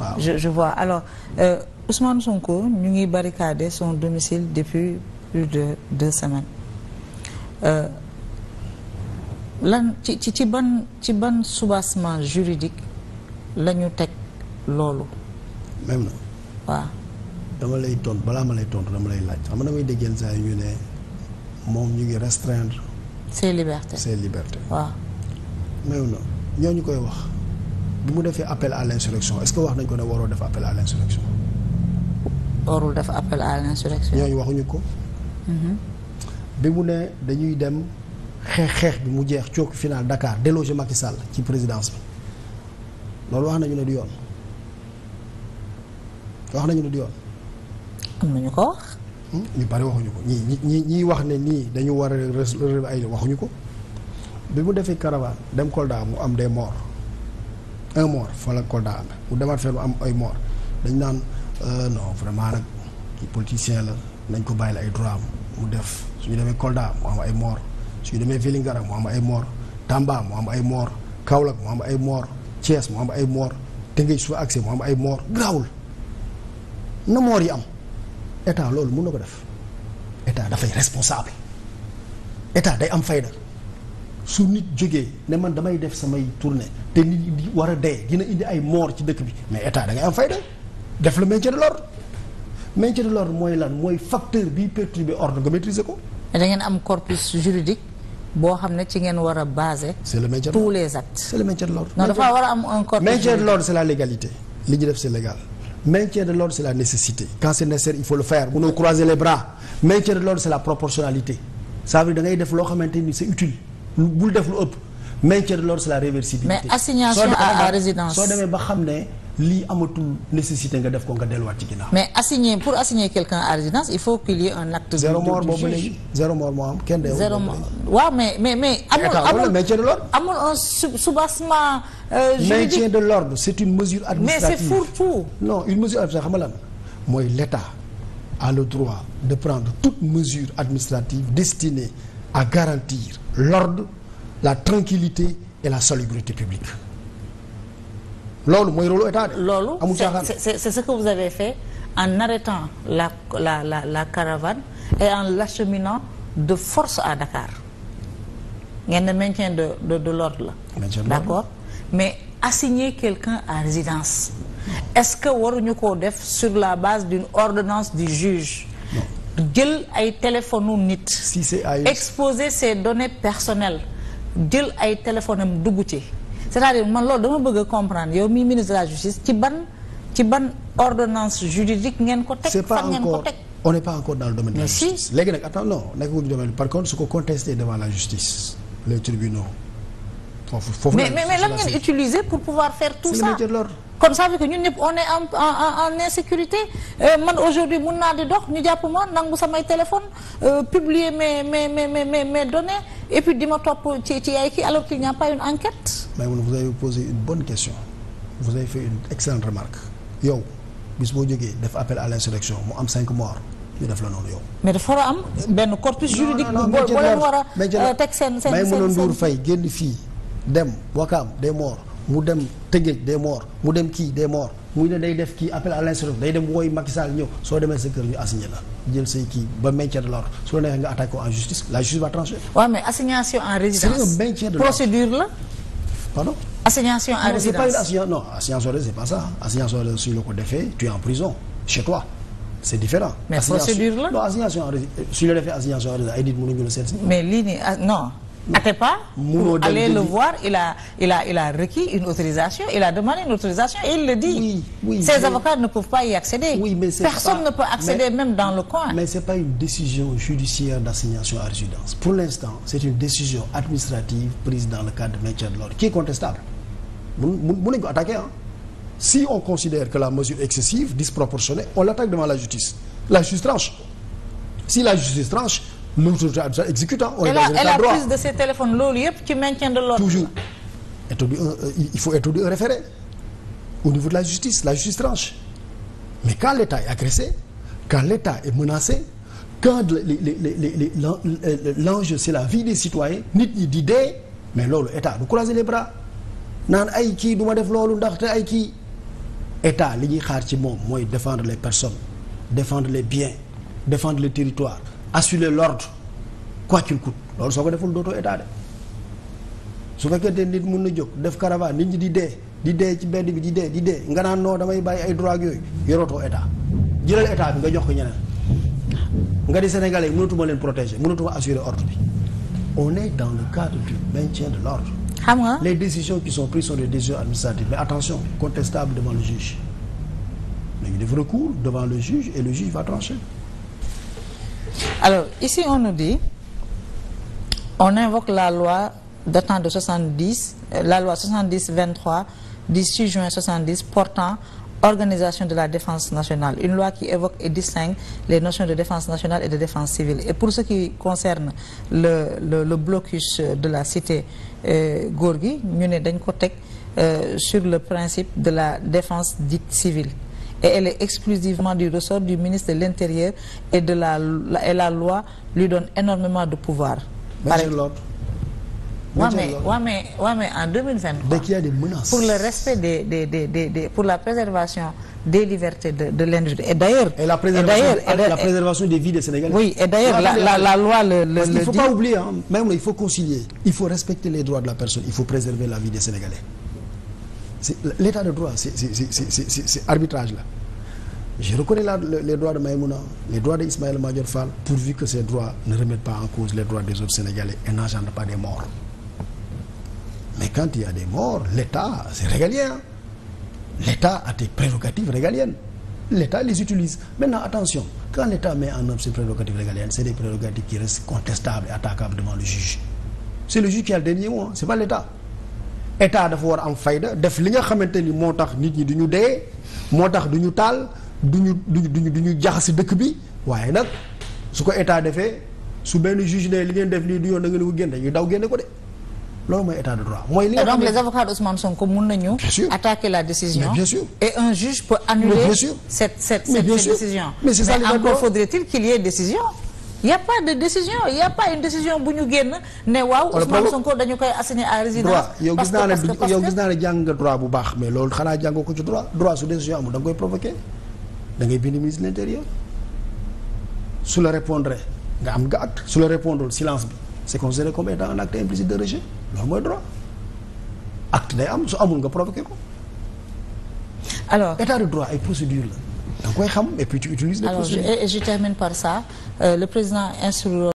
waaw je je vois alors euh, Sonko ñu ngi barricadé son domicile depuis plus de deux semaines euh, lan ci ci ci ban ci ban soubassement juridique lañu teg loolu. même na. waaw. dama lay tontu balaa ma lay tontu dama lay laaj xam nga damay dégg yenn saa yi ñu ne moom ñu ngi restreindre. ses libertés ses libertés. waaw. même na ñooñu koy wax. bi mu defee appel à l' insurrection est ce que wax nañ ko ne waroo def appel à l' insurrection. warul def appel à l' insurrection. ñooñu waxuñu ko. Mm-hmm. bi mu ne dañuy dem xeex xeex bi mu jeex cooki final Dakar déloger Macky Sall ci présidence bi loolu wax nañu ne du yoon wax nañu ne du yoon. am nañu ko wax. Hmm? ñu pare waxuñu ko ñii ñii ñii wax ne nii dañu war a ay waxuñu ko bi mu defee caravane dem Kolda mu am de morts. un mort fa la Kolda amee mu demaat fenn am ay mort dañ naan euh, non vraiment nag kii politicien la nañ ko bàyyi la ay droit mu def suñu demee Kolda mu am ay mort suñu demee Vélingara mu am ay mort Tamba mu am ay mort Kaolack mu am ay moor Thiès mu am ay mort Tëngéej su fa accès mu am ay mort grawul na mort yi am état loolu mun na ko def état dafay responsable état day am fayda su nit jógee ne man damay def samay tournée te nit di war a dee dina indi ay moor ci dëkk bi mais état da ngay am fayda def le maintien de l'ordre maintien de l'ordre mooy lan mooy facteur bi perturber ordre nga maîtriser ko. da am corpus juridique boo xam ne ci ngeen war a baser. c'est le maintien tous les actes. c'est dafa war a am un corpus. maintien de l'ordre c'est la légalité li ñu def c'est légal. maintien de c'est la nécessité quand c'est nécessaire il faut le faire munoo croiser les bras maintien def loo xamante ni c'est utile. bul def lu ëpp maintien de l'ordre c'est la réversibilité. mais assignation à résidence soo demee ba xam ne lii amatul nécessité nga def ko nga delluwaat ci ginnaaw. mais assigner pour assigner quelqu'un à résidence il faut qu'il y un acte. de zéro mort boobu léegi zéro mort moo am kenn de. zéro mort waaw mais mais mais. amul amul maintien de l'ordre amul un soubassement euh, juridique maintien de l'ordre c'est une mesure administrative mais c'est fourre-tout. non une mesure administrative xam nga lan mooy l'État a le droit de prendre toute mesure administrative destinée à garantir la tranquillité et la salubrité publique loolu mooy rôle état de. loolu amul c'est c'est ce que vous avez fait en arrêtant la la la la caravane et en l'acheminant de force à Dakar ngeen ne maintien de de de l'ordre la. d'accord mais assigner quelqu'un à résidence. est-ce que waruñu ko def sur la base d'une ordonnance du juge. jël ay téléphone nit. si c'est exposer ses données personnelles. jël ay téléphone am dugg ci c'est-à-dire man loolu dama bëgg a comprendre yow mi ministre la justice ci ban ci ban ordonnance juridique ngeen ko teg fan ngeen ko teg on n'est pas encore dans le la justice léegi nag attends non nekk du domaine par contre su ko contester devant la justice les tribunaux foofu foofu mais mais ngeen utiliser pour pouvoir faire tout ça comme ça veut que ñun ñëpp on est en insécurité euh, man aujourd'hui mun naa di dox ñu et puis di ma topp ci ci yaay kii alors qu'il n'y a pas une enquête. Maïmouna vous avez posé une bonne question vous avez fait une excellente remarque yow bis boo jógee def appel à l'insurrection mu am cinq morts ñu def la noonu yow. mais dafa war a am benn corpus juridique. non boo leen war a euh, teg seen seen seen Maïmouna Ndour Faye génn fii dem Wakaam des morts. mu dem Tëngéej des morts mu dem kii des morts muy ne day def kii appel à l'insurrection day dem wooy Macky Sall ñëw soo demee sa kër ñu assigné la jël say kii ba maintien de l'ordre su la neexee nga attaqué ko en justice la justice va trancher. waaw mais assignation en résidence procédure la. pardon. assignation en résidence non assignation résidence c'est pas ça assignation en résidence suñu la ko defee tu en prison chez toi. c'est différent. mais procédure euh, la Atepa pour aller le voir il a il a il a requis une autorisation il a demandé une autorisation et il le dit oui, avocats ne peuvent pas y accéder personne ne peut accéder même dans le coin mais c'est une décision judiciaire d'assignation à résidence pour l'instant c'est une décision administrative prise dans le cadre de maintien de l'ordre qui est contestable si on considère que la mesure excessive disproportionnée on l'attaque devant la justice la justice tranche la justice tranche l'autorité administrative exécutant. on est dans un loolu yëpp ci maintien de l'ordre. toujours établir un euh, euh, il faut établir un référé au niveau de la justice la justice tranche mais quand l'État est agressé quand l'État est menacé quand le le le euh, l'enjeu c'est la vie des citoyens nit ñi di dee mais loolu État du croiser les bras naan ay kii du ma def loolu ndaxte ay kii État li ñuy xaar ci moom mooy défendre les personnes défendre les biens défendre le territoire assurer l'ordre quoi qu'il coûte loolu soo ko deful dootoo état de su fekkee nit mun na jóg def caravane nit ñi di dee di dee ci benn bi di dee di dee nga naan noo damay bàyyi ay droit ak yooyu yorootoo état jëlal état bi nga jox ko ñeneen nga di sénégalais yi mënatuma leen protéger mënatuma assurer ordre bi on est dans le cadre du maintien de l'ordre xam nga les décision qui sont prises sont des décisions administratives mais attention contestables devant le juge dañu def recours devant le juge et le juge va alors ici on nous dit on invoque la loi datant de 70 euh, la loi 70 23 18 juin 70 portant organisation de la défense nationale une loi les notions de défense nationale de défense civile pour ce qui le le, le blocus de la cité euh, Gorgui ñu ne dañ ko teg euh, sur le principe de la défense dite civile et elle est exclusivement du ressort du ministre de l'Intérieur et de la, loi lui donne énormément de pouvoir. Mais Par l'autre. Oui, mais, oui, mais, oui, mais en 2023, Dès qu'il y a des menaces. pour le respect des, des, des, des, la préservation des libertés de, de Et d'ailleurs, la ah, préservation, des vies des Sénégalais. Oui, et d'ailleurs, la, loi le, dit. il faut respecter les droits de la personne, il faut préserver la vie des Sénégalais. c'est l'état de droit c'est c'est arbitrage là je reconnais la, les droits de Maïmouna les droits d'Ismaël Madior Fall pourvu que ces droits ne remettent pas en cause les droits des autres Sénégalais et n'engendrent pas des morts mais quand il y a des morts l'état c'est régalien l'état a des prérogatives régaliennes l'état les utilise maintenant attention quand l'état met en œuvre ses prérogatives c'est des prérogatives qui restent contestables et attaquables état dafa war a am fayda def li nga xamante ni moo tax nit ñi du ñu dee moo tax du ñu taal du ñu du ñu du ñu ñu jaxasi dëkk bi waaye nag su ko état defee su benn juge ne li ngeen def lii du yoon da ngeen ko génne ñu daw génne ko de loolu mooy état de droit. mooy li nga xam ne donc les avocats d'Ousmane Sonko mun nañu. attaquer la décision. bien sûr et un juge peut annuler. cette cette cette décision. mais c'est ça mais encore qu'il y ait décision. y' a pas de décision y' a une décision bu ñu génn ne waaw. Ousmane Sonko dañu koy assigner à résidence. yow gis naa ne yow gis naa ne jàng nga droit bu baax mais loolu xanaa jàng ko ci droit droit su décision amul da nga koy provoqué da ngay bind ministre de intérieur su la répondre nga am nga acte su la répondre silence bi c' est considéré comme étant un acte implicite de rejet loolu mooy droit acte day am su amul nga provoqué ko. alors état de droit ay procédure la. da nga koy xam et puis tu utilises les procédures. Alors je, je termine par ça euh, le président instruit